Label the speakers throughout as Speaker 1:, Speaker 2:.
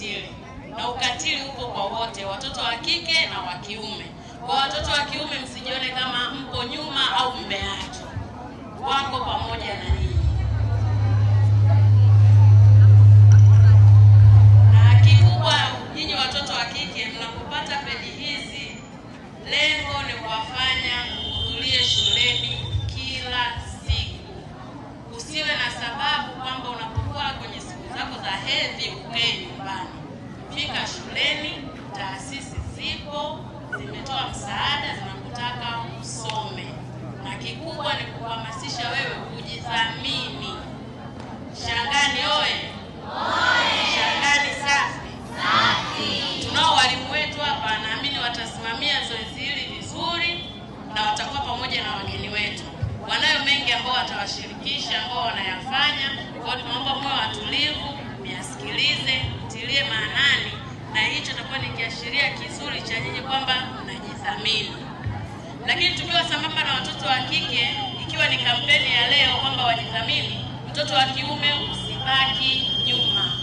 Speaker 1: ukatili, na ukatili upo kwa wote, watoto wa kike na wa kiume. Kwa watoto wa kiume, msijione kama mpo nyuma au mbe yake, wako pamoja na hedhi ukae nyumbani. Fika shuleni, taasisi zipo zimetoa msaada, zinakutaka usome, na kikubwa ni kuhamasisha wewe kujidhamini. Shangani oye! Shangani safi! Tunao walimu wetu hapa, naamini watasimamia zoezi hili vizuri na watakuwa pamoja na wageni wetu, wanayo mengi ambao watawashirikisha ambao wanayafanya. Kwa hiyo tunaomba kiashiria kizuri cha nyinyi kwamba mnajithamini. Lakini tukiwa sambamba na watoto wa kike, ikiwa ni kampeni ya leo kwamba wajithamini, mtoto wa kiume usibaki nyuma.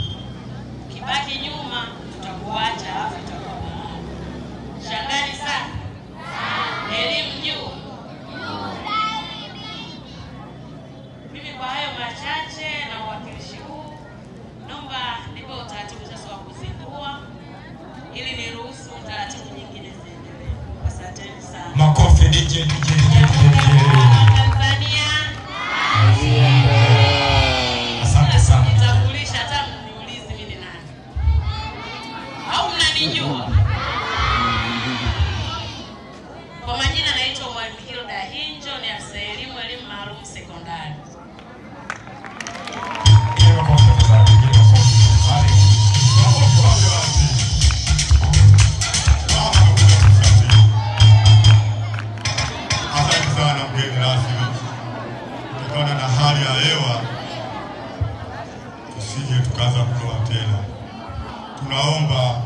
Speaker 1: taratibu nyingine
Speaker 2: Makofi DJ DJ DJ.
Speaker 1: Asante sana. Nitakulisha hata mniulize mimi ni nani. Au mnanijua? Kwa majina naitwa Mwalimu Hilda Hinjo, ni afisa elimu elimu
Speaker 2: tumeelewa, tusije tukaanza kutoa tena. Tunaomba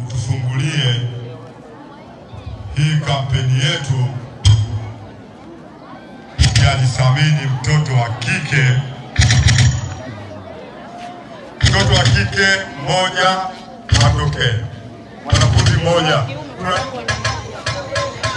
Speaker 2: mtufungulie hii kampeni yetu ya jisamini mtoto wa kike, mtoto wa kike mmoja atokee, mwanafunzi mmoja